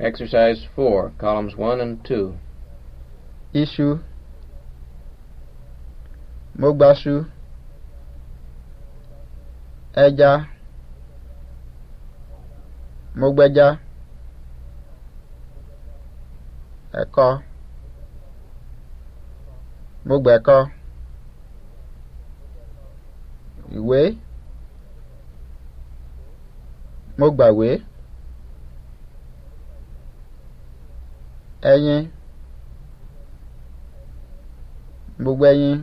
Exercise 4, columns 1 and 2. Ishu, Mo ẹja mo gbẹja ẹ̀kọ mo gbẹ̀kọ ìwé mo ẹyin gbogbo ẹyin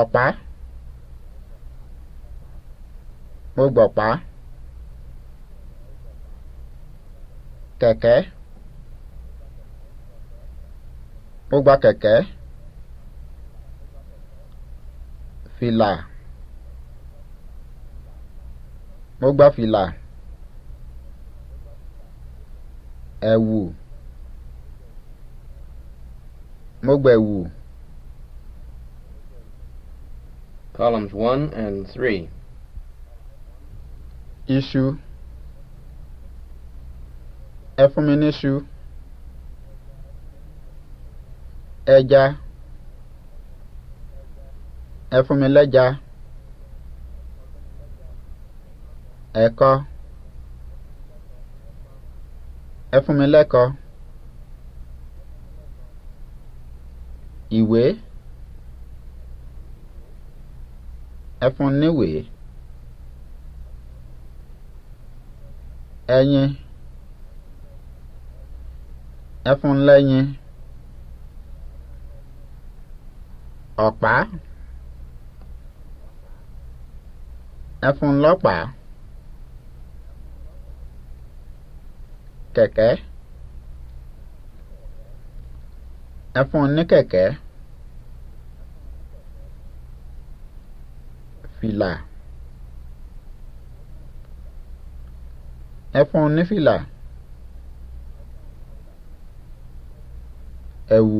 ọ̀pá mo gbọ̀pá kẹ̀kẹ́ mo gba kẹ̀kẹ́ fìlà mo fìlà. ẹ̀wù mo gbẹ̀wù. columns one and three. Iṣu. Ẹ fún mi níṣu. Ẹja. Ẹ fún mi lẹ́ja. Ẹ̀kọ ẹ fún mi lẹ́kọ̀ọ́ ìwé ẹ fún níwèé ẹyin ẹ fún lẹ́yin ọ̀pá ẹ fún lọ́pàá. kẹ̀kẹ́ ẹ fún un fila, kẹ̀kẹ́ fìlà fila, fún un ní fìlà ẹ̀wù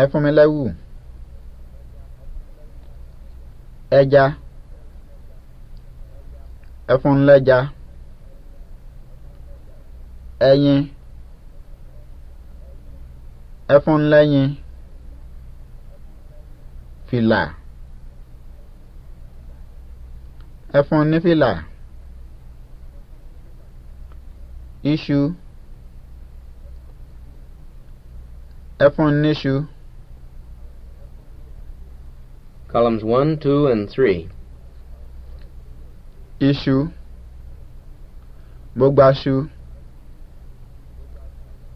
ẹ fún mi lẹ́wù ẹja ẹ fún un lẹ́ja ẹyin ẹfun lẹ́yìn fìlà ẹfun ní fìlà iṣu ẹfun níṣu. Columns one, two, and three, Iṣu. Mo gbaṣu.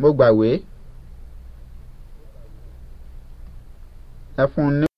mo gbàwé ẹ fún un ní